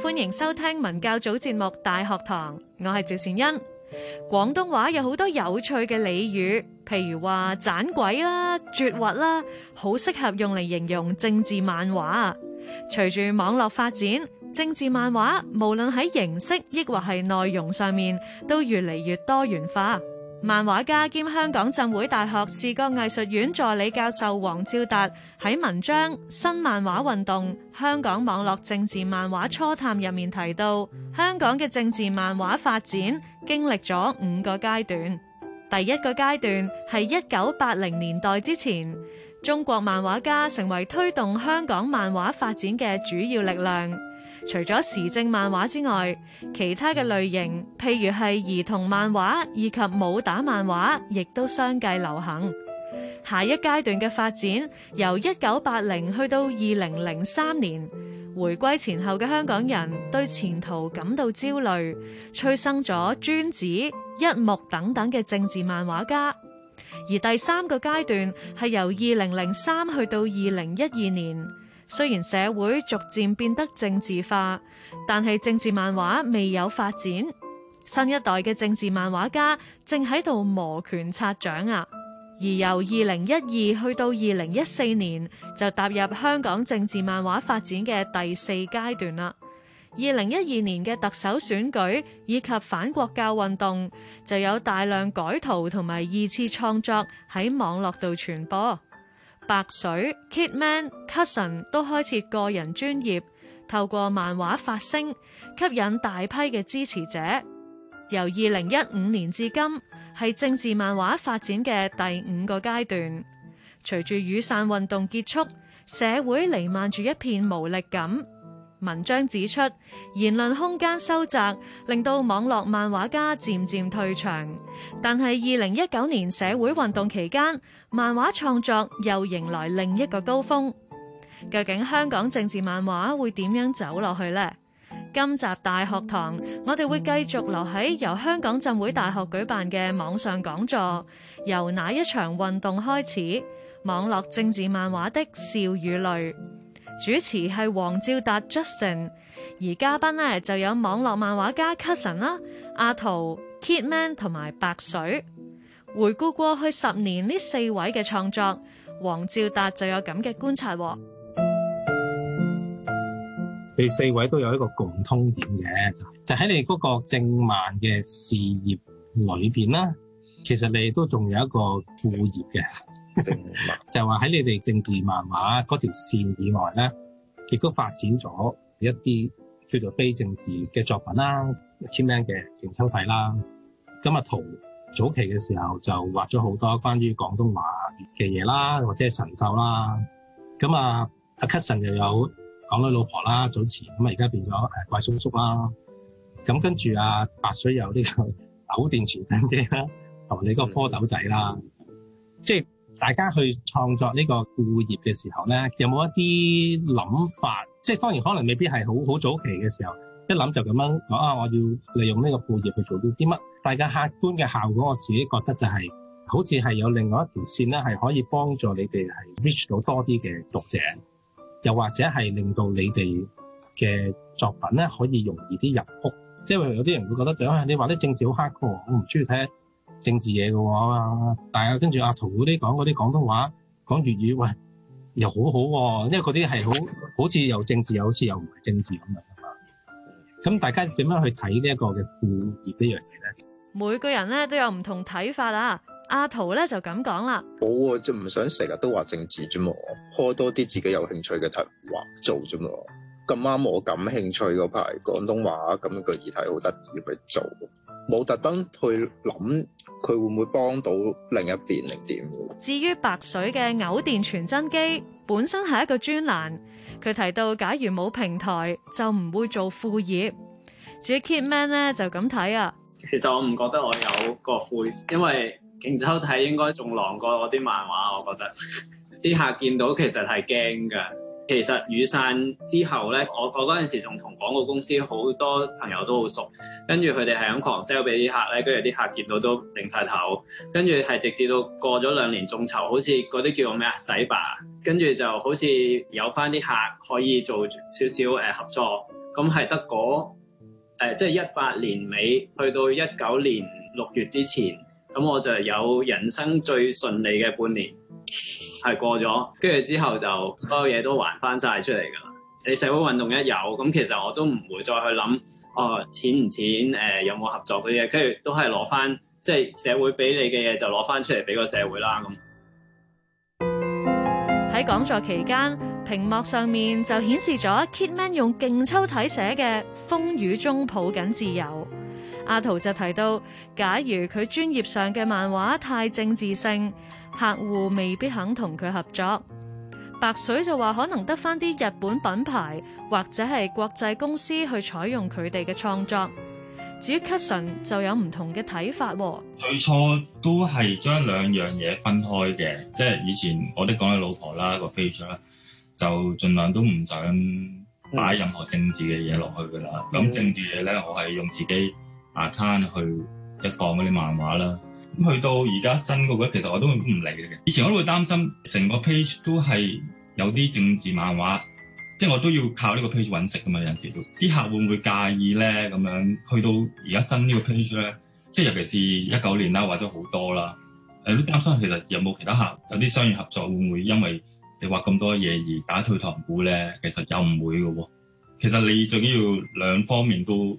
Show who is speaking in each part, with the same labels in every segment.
Speaker 1: 歡迎收聽文教組節目《大學堂》，我係趙善恩。廣東話有好多有趣嘅俚語，譬如話盞鬼啦、絕核啦，好適合用嚟形容政治漫畫。隨住網絡發展，政治漫畫無論喺形式抑或係內容上面，都越嚟越多元化。漫畫家兼香港浸會大學視覺藝術院助理教授黃照達喺文章《新漫畫運動：香港網絡政治漫畫初探》入面提到，香港嘅政治漫畫發展經歷咗五個階段。第一個階段係一九八零年代之前，中國漫畫家成為推動香港漫畫發展嘅主要力量。除咗時政漫畫之外，其他嘅類型，譬如係兒童漫畫以及武打漫畫，亦都相繼流行。下一階段嘅發展，由一九八零去到二零零三年，回歸前後嘅香港人對前途感到焦慮，催生咗尊子、一目等等嘅政治漫畫家。而第三個階段係由二零零三去到二零一二年。雖然社會逐漸變得政治化，但係政治漫畫未有發展。新一代嘅政治漫畫家正喺度摩拳擦掌啊！而由二零一二去到二零一四年，就踏入香港政治漫畫發展嘅第四階段啦。二零一二年嘅特首選舉以及反國教運動，就有大量改圖同埋二次創作喺網絡度傳播。白水、Kitman、Cuson 都開設個人專業，透過漫畫發聲，吸引大批嘅支持者。由二零一五年至今，係政治漫畫發展嘅第五個階段。隨住雨傘運動結束，社會彌漫住一片無力感。文章指出，言論空間收窄，令到網絡漫畫家漸漸退場。但係二零一九年社會運動期間，漫畫創作又迎來另一個高峰。究竟香港政治漫畫會點樣走落去呢？今集大學堂，我哋會繼續留喺由香港浸會大學舉辦嘅網上講座，由哪一場運動開始，網絡政治漫畫的笑與淚。主持係黃照達 Justin，而嘉賓咧就有網絡漫畫家 Cuson 啦、阿塗、Kitman 同埋白水。回顧過去十年呢四位嘅創作，黃照達就有咁嘅觀察哦，
Speaker 2: 你四位都有一個共通點嘅，就喺、是、你嗰個政漫嘅事業裏邊啦。其實你都仲有一個副業嘅。 就係話喺你哋政治漫畫嗰條線以外咧，亦都發展咗一啲叫做非政治嘅作品啦，Kitman 嘅勁揪體啦。咁啊塗早期嘅時候就畫咗好多關於廣東話嘅嘢啦，或者神獸啦。咁、嗯、啊，阿 Cuson 又有港女老婆啦，早前咁啊而家變咗誒怪叔叔啦。咁跟住阿、啊、白水有呢、這個口電傳真機啦，同你嗰個蝌蚪仔啦，即 係、嗯。大家去創作呢個副業嘅時候咧，有冇一啲諗法？即係當然可能未必係好好早期嘅時候，一諗就咁樣講啊！我要利用呢個副業去做到啲乜？大家客觀嘅效果，我自己覺得就係、係、好似係有另外一條線咧，係可以幫助你哋係 reach 到多啲嘅讀者，又或者係令到你哋嘅作品咧可以容易啲入屋。即係有啲人會覺得，就、哎、你話啲政治好黑嘅，我唔中意睇。政治嘢嘅話，但係跟住阿塗嗰啲講嗰啲廣東話講粵語，喂又好好、啊、喎，因為嗰啲係好好似又政治好又好似又唔係政治咁樣，咁大家
Speaker 3: 點樣去睇呢一個嘅副業呢樣嘢咧？
Speaker 1: 每個人咧都有唔同睇法啦。阿塗咧就咁講啦，
Speaker 3: 喎，就唔想成日都話政治啫嘛，開多啲自己有興趣嘅題話做啫嘛。咁啱我感興趣嗰排廣東話，咁、嗰個議題好得意，要畀你做？冇特登去諗佢會唔會幫到另一邊定點。
Speaker 1: 至於白水嘅藕電傳真機，本身係一個專欄。佢提到，假如冇平台，就唔會做副業。至於 Kitman 咧，就咁睇啊。
Speaker 4: 其實我唔覺得我有個灰，因為勁抽睇應該仲狼過我啲漫畫。我覺得啲客見到其實係驚㗎。其實雨傘之後咧，我我嗰陣時仲同廣告公司好多朋友都好熟，跟住佢哋係咁狂 sell 俾啲客咧，跟住啲客見到都擰晒頭，跟住係直至到過咗兩年眾籌，眾籌好似嗰啲叫做咩啊洗白，跟住就好似有翻啲客可以做少少、呃、合作，咁係得嗰即係一八年尾去到一九年六月之前。咁我就有人生最順利嘅半年係過咗，跟住之後就所有嘢都還翻晒出嚟噶。你社會運動一有，咁其實我都唔會再去諗哦錢唔錢，誒、呃、有冇合作嘅嘢，跟住都係攞翻即係社會俾你嘅嘢就攞翻出嚟俾個社會啦。咁
Speaker 1: 喺講座期間，屏幕上面就顯示咗 Kitman 用勁抽體寫嘅《風雨中抱緊自由》。阿塗就提到，假如佢專業上嘅漫畫太政治性，客戶未必肯同佢合作。白水就話可能得返啲日本品牌或者係國際公司去採用佢哋嘅創作。至於 Cuson 就有唔同嘅睇法喎。
Speaker 5: 最初都係將兩樣嘢分開嘅，即係以前我啲講緊老婆啦、嗰個 page 啦，就盡量都唔想擺任何政治嘅嘢落去㗎啦。咁政治嘢呢，我係用自己。account 去即係放嗰啲漫畫啦，咁去到而家新嗰個，其實我都唔理嘅。以前我都會擔心成個 page 都係有啲政治漫畫，即係我都要靠呢個 page 搵食㗎嘛。有陣時啲客戶會唔會介意咧？咁樣去到而家新呢個 page 咧，即係尤其是一九年啦，畫咗好多啦，誒都擔心其實有冇其他客有啲商業合作會唔會因為你話咁多嘢，而打退堂鼓咧？其實又唔會㗎喎。其實你最緊要兩方面都。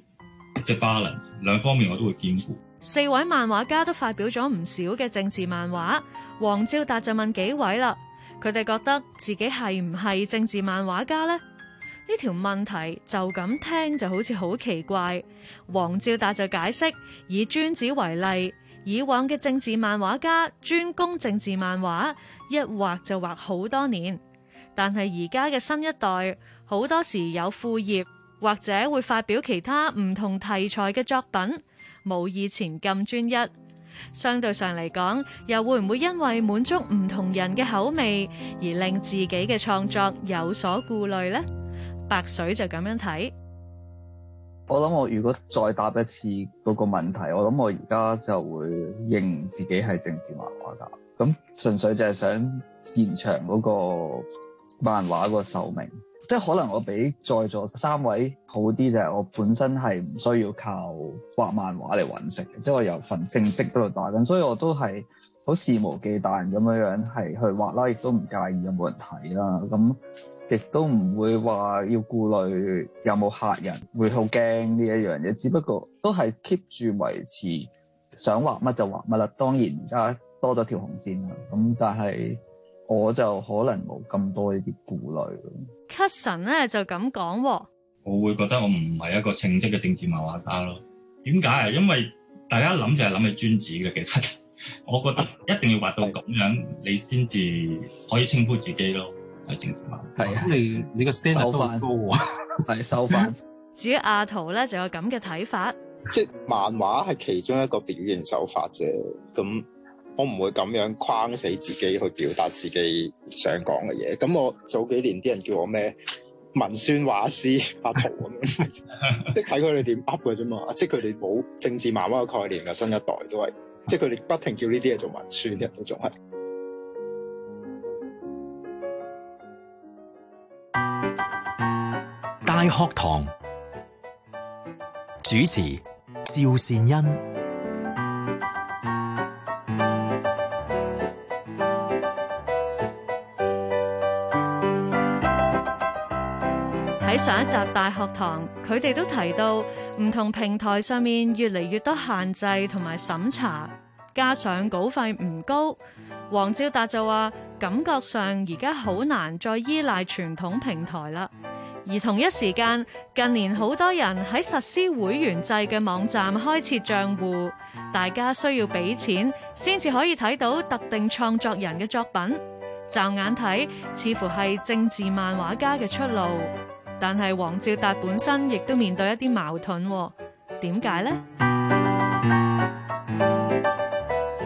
Speaker 5: 即係 balance，兩方面我都會兼顧。
Speaker 1: 四位漫畫家都發表咗唔少嘅政治漫畫，黃照達就問幾位啦，佢哋覺得自己係唔係政治漫畫家呢？呢條問題就咁聽就好似好奇怪。黃照達就解釋，以尊子為例，以往嘅政治漫畫家專攻政治漫畫，一畫就畫好多年，但係而家嘅新一代好多時有副業。或者會發表其他唔同題材嘅作品，冇以前咁專一。相對上嚟講，又會唔會因為滿足唔同人嘅口味而令自己嘅創作有所顧慮呢？白水就咁樣睇。
Speaker 6: 我諗我如果再答一次嗰個問題，我諗我而家就會認自己係政治漫畫家。咁純粹就係想延長嗰個漫畫個壽命。即係可能我比在座三位好啲就係、是、我本身係唔需要靠畫漫畫嚟揾食嘅，即係我有份正式喺度帶緊，所以我都係好肆無忌憚咁樣樣係去畫啦，亦都唔介意有冇人睇啦，咁亦都唔會話要顧慮有冇客人會好驚呢一樣嘢，只不過都係 keep 住維持想畫乜就畫乜啦。當然而家多咗條紅線啦，咁但係。我就可能冇咁多顧慮、Cuson、呢啲顧慮。
Speaker 1: Cuson 咧，就咁講、哦，
Speaker 6: 我會覺得我唔係一個稱職嘅政治
Speaker 5: 漫畫家咯。點解啊？因為大家諗就係諗起專子嘅，其實我覺得一定要畫到咁樣，你先至可以稱呼自己咯，係政治漫畫家。
Speaker 3: 係啊，你你嘅手法高啊，係手法。收
Speaker 1: 至於阿塗咧，就有咁嘅睇法，
Speaker 3: 即係漫畫係其中一個表現手法啫。咁。我唔會咁樣框死自己去表達自己想講嘅嘢，咁我早幾年啲人叫我咩文宣畫師、阿塗咁，即係睇佢哋點噏嘅啫嘛。即係佢哋冇政治漫畫嘅概念嘅新一代都係，即係佢哋不停叫呢啲嘢做文宣，嘅，都仲係。大學堂主持趙善恩。
Speaker 1: 上一集大學堂，佢哋都提到唔同平台上面越嚟越多限制同埋審查，加上稿費唔高，黃照達就話感覺上而家好難再依賴傳統平台啦。而同一時間，近年好多人喺實施會員制嘅網站開設賬戶，大家需要俾錢先至可以睇到特定創作人嘅作品。驟眼睇，似乎係政治漫畫家嘅出路。但係黃照達本身亦都面對一啲矛盾，點解咧？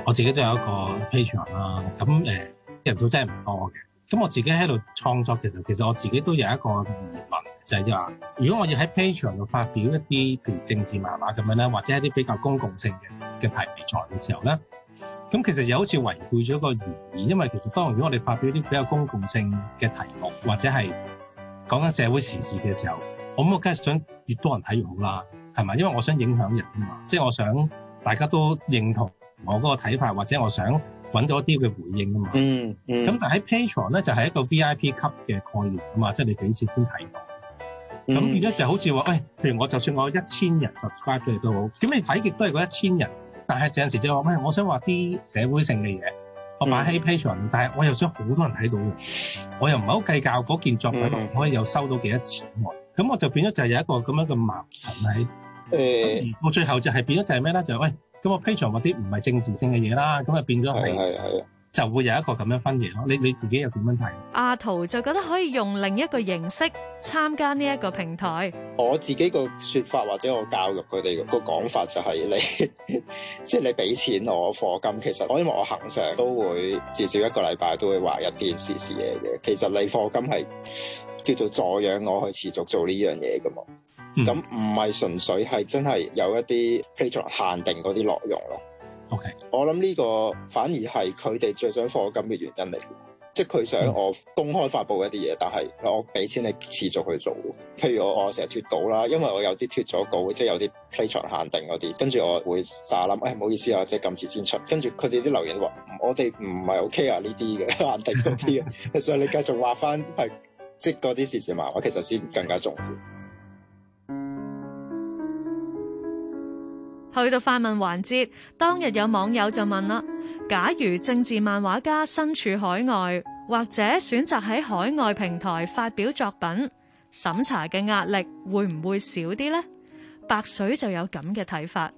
Speaker 2: 我自己都有一個 Patreon 啦，咁、呃、誒人數真係唔多嘅。咁我自己喺度創作嘅時候，其實我自己都有一個疑問，就係、是、話：如果我要喺 Patreon 度發表一啲譬如政治漫畫咁樣咧，或者一啲比較公共性嘅嘅題材嘅時候咧，咁其實又好似違背咗一個原意，因為其實當然如果我哋發表一啲比較公共性嘅題目或者係，講緊社會時事嘅時候，我咁我梗係想越多人睇越好啦，係咪？因為我想影響人啊嘛，即係我想大家都認同我嗰個睇法，或者我想揾到一啲嘅回應啊嘛。嗯，咁、嗯、但係喺 Patreon 咧就係、是、一個 V I P 級嘅概念啊嘛，即係你幾時先睇到。咁變咗就好似話，喂、哎，譬如我就算我一千人 subscribe 都好，咁你睇極都係嗰一千人。但係有陣時就話，唔我想話啲社會性嘅嘢。我買喺 Patreon 但係我又想好多人睇到我又唔係好計較嗰件作品、嗯、我可以又收到幾多錢，咁我就變咗就係有一個咁樣嘅矛盾喺誒，嗯、我最後就係變咗就係咩咧？就係、是、喂，咁我 Patreon 嗰啲唔係政治性嘅嘢啦，咁就變咗係。嗯嗯嗯嗯嗯就會有一個咁樣分野咯，你你自己又點樣睇？阿、
Speaker 1: 啊、塗就覺得可以用另一個形式參加呢一個平台。
Speaker 3: 我自己個說法或者我教育佢哋個講法就係你，即 係你俾錢我課金，其實我因為我恆常都會至少一個禮拜都會話一件事事嘢嘅。其實你課金係叫做助養我去持續做呢樣嘢嘅嘛。咁唔係純粹係真係有一啲 patron 限定嗰啲內容咯。O、okay. K，我諗呢個反而係佢哋最想課金嘅原因嚟，即係佢想我公開發布一啲嘢、嗯，但係我俾錢你持續去做。譬如我我成日脱稿啦，因為我有啲脱咗稿，即係有啲 Patreon 限定嗰啲，跟住我會打諗，誒、哎、唔好意思啊，即係咁遲先出。跟住佢哋啲留言話，我哋唔係 O K 啊呢啲嘅限定嗰啲啊，其 實你繼續話翻係即係嗰啲時事漫畫，其實先更加重要。
Speaker 1: 去到快問環節，當日有網友就問啦：假如政治漫畫家身處海外，或者選擇喺海外平台發表作品，審查嘅壓力會唔會少啲呢？白水就有咁嘅睇法。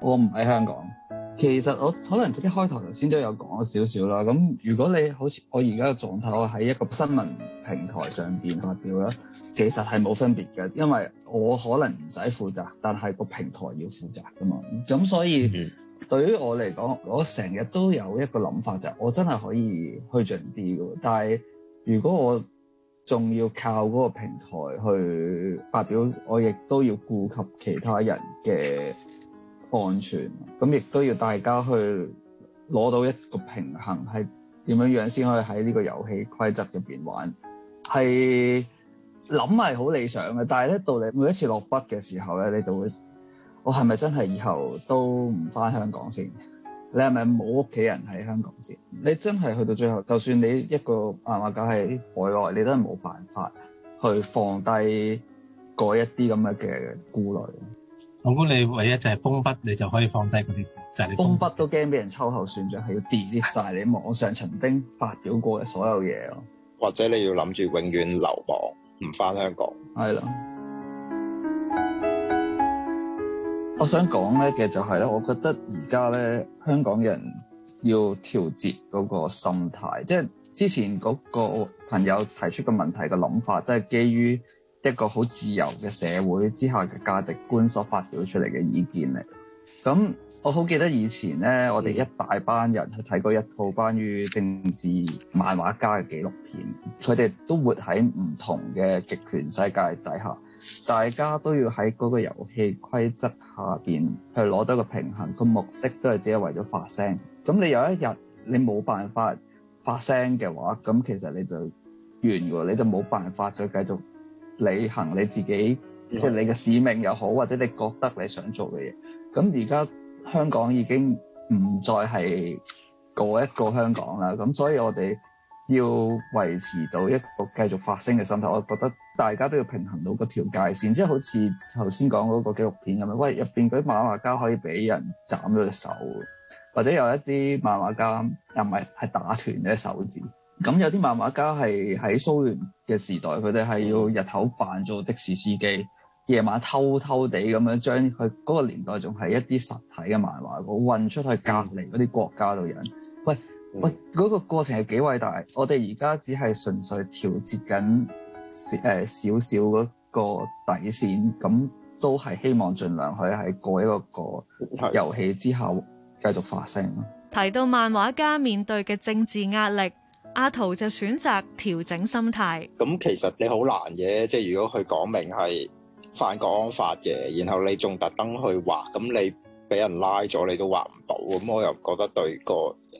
Speaker 6: 我唔喺香港。其實我可能一開頭頭先都有講咗少少啦。咁如果你好似我而家嘅狀態，我喺一個新聞平台上邊發表咧，其實係冇分別嘅，因為我可能唔使負責，但係個平台要負責㗎嘛。咁所以對於我嚟講，我成日都有一個諗法就係、是，我真係可以去盡啲嘅。但係如果我仲要靠嗰個平台去發表，我亦都要顧及其他人嘅。安全咁，亦都要大家去攞到一個平衡，係點樣樣先可以喺呢個遊戲規則入邊玩？係諗係好理想嘅，但係咧，到你每一次落筆嘅時候咧，你就會，我係咪真係以後都唔返香港先？你係咪冇屋企人喺香港先？你真係去到最後，就算你一個阿媽梗係海外，你都係冇辦法去放低嗰一啲咁嘅嘅顧慮。
Speaker 2: 我估你唯一就係封筆，
Speaker 6: 你就可以放低嗰啲，就係封筆，封筆都驚俾人秋後算賬，係要 delete 曬你網上曾經發
Speaker 3: 表過嘅所有嘢咯。或者你要諗住永遠流亡，唔翻香
Speaker 6: 港。係咯。我想講咧嘅就係咧，我覺得而家咧香港人要調節嗰個心態，即係之前嗰個朋友提出嘅問題嘅諗法，都係基於一個好自由嘅社會之下嘅價值觀所發表出嚟嘅意見嚟。咁我好記得以前咧，我哋一大班人去睇過一套關於政治漫畫家嘅紀錄片。佢哋都活喺唔同嘅極權世界底下，大家都要喺嗰個遊戲規則下面去攞到一個平衡。個目的都係只係為咗發聲。咁你有一日你冇辦法發聲嘅話，咁其實你就完噶，你就冇辦法再繼續。你行你自己，即係你嘅使命又好，或者你覺得你想做嘅嘢。咁而家香港已經唔再係嗰一個香港啦。咁所以我哋要維持到一個繼續發聲嘅心態，我覺得大家都要平衡到個條界線，即係好似頭先講嗰個紀錄片咁樣喂，入邊啲漫畫家可以俾人斬咗隻手，或者有一啲漫畫家又唔係係打斷咗手指。咁有啲漫畫家係喺蘇聯嘅時代，佢哋係要日頭扮做的士司機，夜晚偷偷地咁樣將佢嗰個年代仲係一啲實體嘅漫畫稿運出去隔離嗰啲國家度印喂喂，嗰、嗯嗰個過程係幾偉大。我哋而家只係純粹調節緊，誒、呃，少少嗰個底線，咁都係希望盡量去喺過一個、嗰個遊戲之後繼續發聲。
Speaker 1: 提到漫畫家面對嘅政治壓力。阿塗就選擇調整心態。
Speaker 6: 咁其實你好難嘅，
Speaker 3: 即係如果佢講明係反國安法嘅，然後你仲特登去畫，咁你俾人拉咗，你都畫唔到。咁我又覺得對個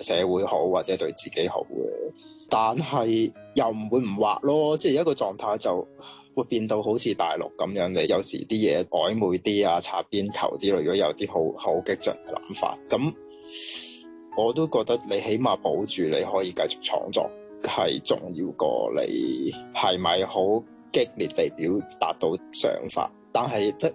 Speaker 3: 社會好，或者對自己好嘅。但係又唔會唔畫咯，即係一個狀態就會變到好似大陸咁樣，你有時啲嘢曖昧啲啊，擦邊球啲咯。如果有啲好好激進嘅諗法咁。我都覺得你起碼保住你可以繼續創作，係重要過你係咪好激烈地表達到想法？但係都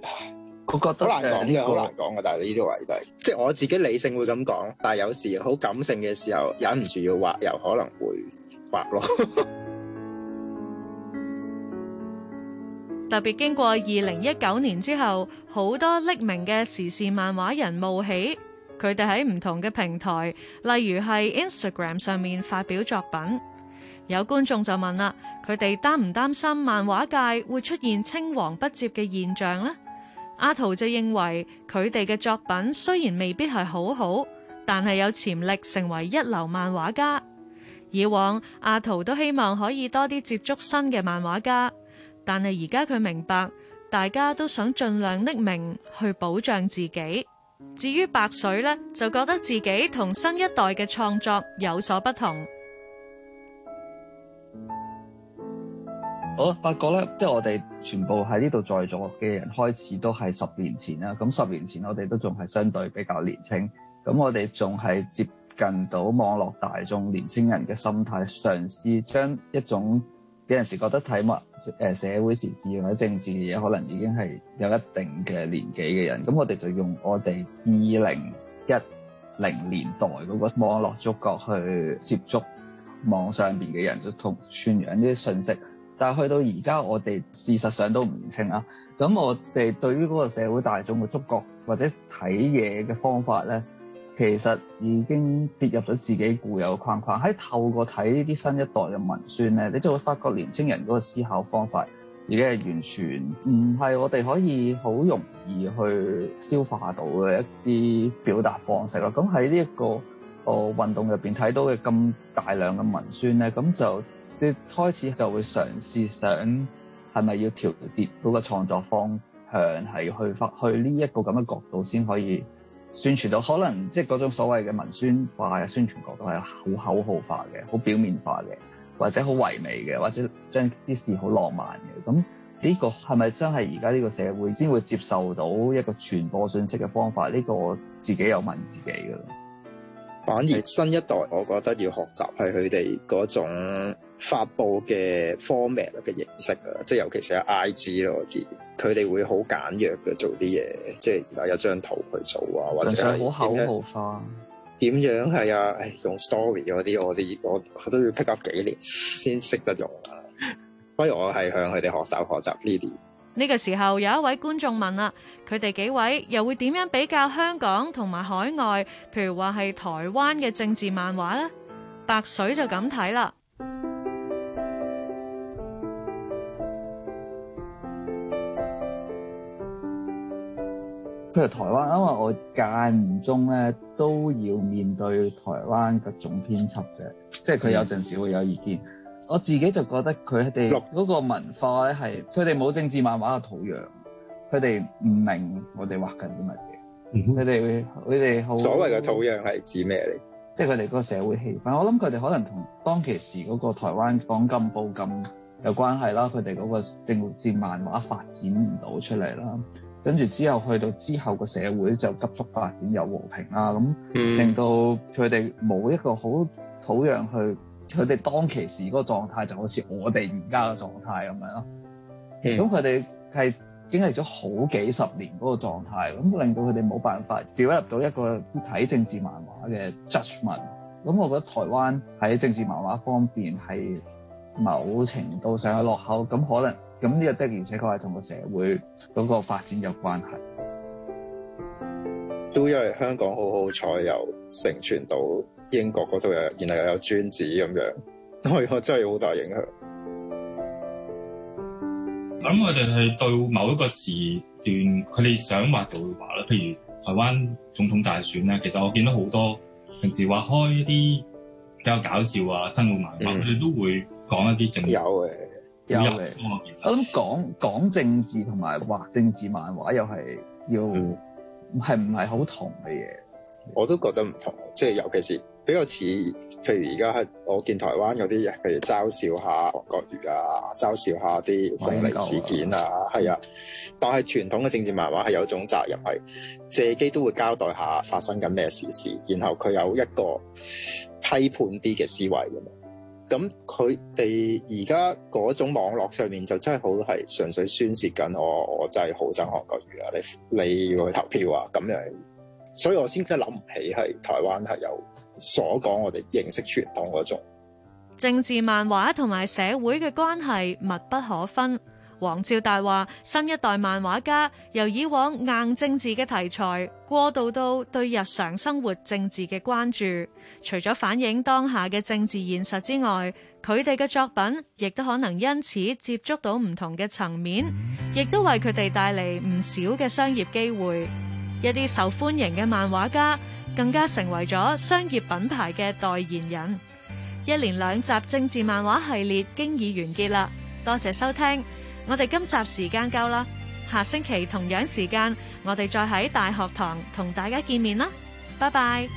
Speaker 6: 我覺得好難講㗎，好難講
Speaker 3: 㗎。但係呢啲位都係、就是、即係我自己理性會咁講，但係有時好感性嘅時候忍唔住要畫，又可能會畫咯。
Speaker 1: 特別經過二零一九年之後，好多匿名嘅時事漫畫人冒起。佢哋喺唔同嘅平台，例如係 Instagram 上面發表作品，有觀眾就問啦，佢哋擔唔擔心漫畫界會出現青黃不接嘅現象咧？阿塗就認為，佢哋嘅作品雖然未必係好好，但係有潛力成為一流漫畫家。以往阿塗都希望可以多啲接觸新嘅漫畫家，但係而家佢明白大家都想盡量匿名去保障自己。至於白水咧，就覺得自己同新一代嘅創作有所不同。
Speaker 6: 好發覺咧，即係我哋全部喺呢度在座嘅人，開始都係十年前啦。咁十年前我哋都仲係相對比較年輕，咁我哋仲係接近到網絡大眾年輕人嘅心態，嘗試將一種。有陣時覺得睇乜誒社會時事或者政治嘅嘢，可能已經係有一定嘅年紀嘅人。咁我哋就用我哋二零一零年代嗰個網絡觸覺去接觸網上邊嘅人，就同傳揚啲信息。但係去到而家，我哋事實上都唔清啦。咁我哋對於嗰個社會大眾嘅觸覺或者睇嘢嘅方法咧，其實已經跌入咗自己固有嘅框框，喺透過睇呢啲新一代嘅文宣咧，你就會發覺年青人嗰個思考方法已經係完全唔係我哋可以好容易去消化到嘅一啲表達方式咯。咁喺呢一個個運動入邊睇到嘅咁大量嘅文宣咧，咁就啲開始就會嘗試想係咪要調節個創作方向，係去發去呢、這、一個咁嘅、這個、角度先可以。宣傳到可能即係嗰種所謂嘅文宣化嘅宣傳角度係好口號化嘅、好表面化嘅，或者好唯美嘅，或者將啲事好浪漫嘅。咁呢個係咪真係而家呢個社會先會接受到一個傳播信息嘅方法？呢個我自己有問自己嘅喇。
Speaker 3: 反而新一代，我覺得要學習係佢哋嗰種發布嘅 format 嘅形式啊，即係尤其是喺 IG 咯嗰啲。佢哋會好簡約嘅做啲嘢，即係有一張圖去做啊，或者好口號化。點樣係啊、哎？用 story 嗰啲，我哋我都要 pick up 幾年先識得用啊！不如我係向佢哋學習學習呢啲。
Speaker 1: 呢 個時候有一位觀眾問啦，佢哋幾位又會點樣比較香港同埋海外？譬如話係台灣嘅政治漫畫咧，白水就咁睇啦。
Speaker 6: 佢台灣，因為我間唔中咧都要面對台灣總編輯嘅，即係佢有陣時會有意見、嗯。我自己就覺得佢哋嗰個文化咧係，佢哋冇政治漫畫嘅土壤，佢哋唔明我哋畫緊啲乜嘢。佢哋會。佢哋好所謂嘅土壤係指咩嚟？即係佢哋嗰個社會氣氛。我諗佢哋可能同當其時嗰個台灣黨禁報禁有關係啦。佢哋嗰個政治漫畫發展唔到出嚟啦。跟住之後去到之後個社會就急速發展又和平啦，咁令到佢哋冇一個好土壤去，佢哋當其時嗰個狀態就好似我哋而家嘅狀態咁樣咯。咁佢哋係經歷咗好幾十年嗰個狀態，咁令到佢哋冇辦法 develop 到一個睇政治漫畫嘅 judgement。咁我覺得台灣喺政治漫畫方面係某程度上係落後，咁可能。咁呢個的而且確係同個社會嗰個發展有關係。
Speaker 3: 都因為香港好好彩，有成全到英國嗰度，又然後又有專子咁樣，所以我真係好大影響。
Speaker 1: 咁、嗯、
Speaker 5: 我哋係對某一個時段，佢哋想話就會話啦。譬如台灣總統大選咧，其實我見到好多平時話開一啲比較搞笑啊、
Speaker 6: 生活文化，佢、嗯、哋都會講一啲政治。有嘅有、嗯、我諗，講講政治同埋畫政治漫畫又係要係唔係好同嘅嘢，
Speaker 3: 我都覺得唔同。即係尤其是比較似，譬如而家係我見台灣有啲，譬如嘲笑下黃國瑜韓國瑜啊，嘲笑下啲風力鳳梨事件啊，係啊。但係傳統嘅政治漫畫係有一種責任，係借機都會交代下發生緊咩事事，然後佢有一個批判啲嘅思維嘅嘛。咁佢哋而家嗰種網絡上面就真係好係純粹宣泄緊，我我真係好憎韓國瑜啊！你你要去投票啊！咁樣，所以我先真係諗唔起係台灣係有所講我哋認識傳統嗰種
Speaker 1: 政治漫畫同埋社會嘅關係密不可分。黃照達話新一代漫畫家由以往硬政治嘅題材過渡到對日常生活政治嘅關注，除咗反映當下嘅政治現實之外，佢哋嘅作品亦都可能因此接觸到唔同嘅層面，亦都為佢哋帶嚟唔少嘅商業機會。一啲受歡迎嘅漫畫家更加成為咗商業品牌嘅代言人。一連兩集政治漫畫系列經已完結啦，多謝收聽。我哋今集時間夠啦，下星期同樣時間，我哋再喺大學堂同大家見面啦，拜拜。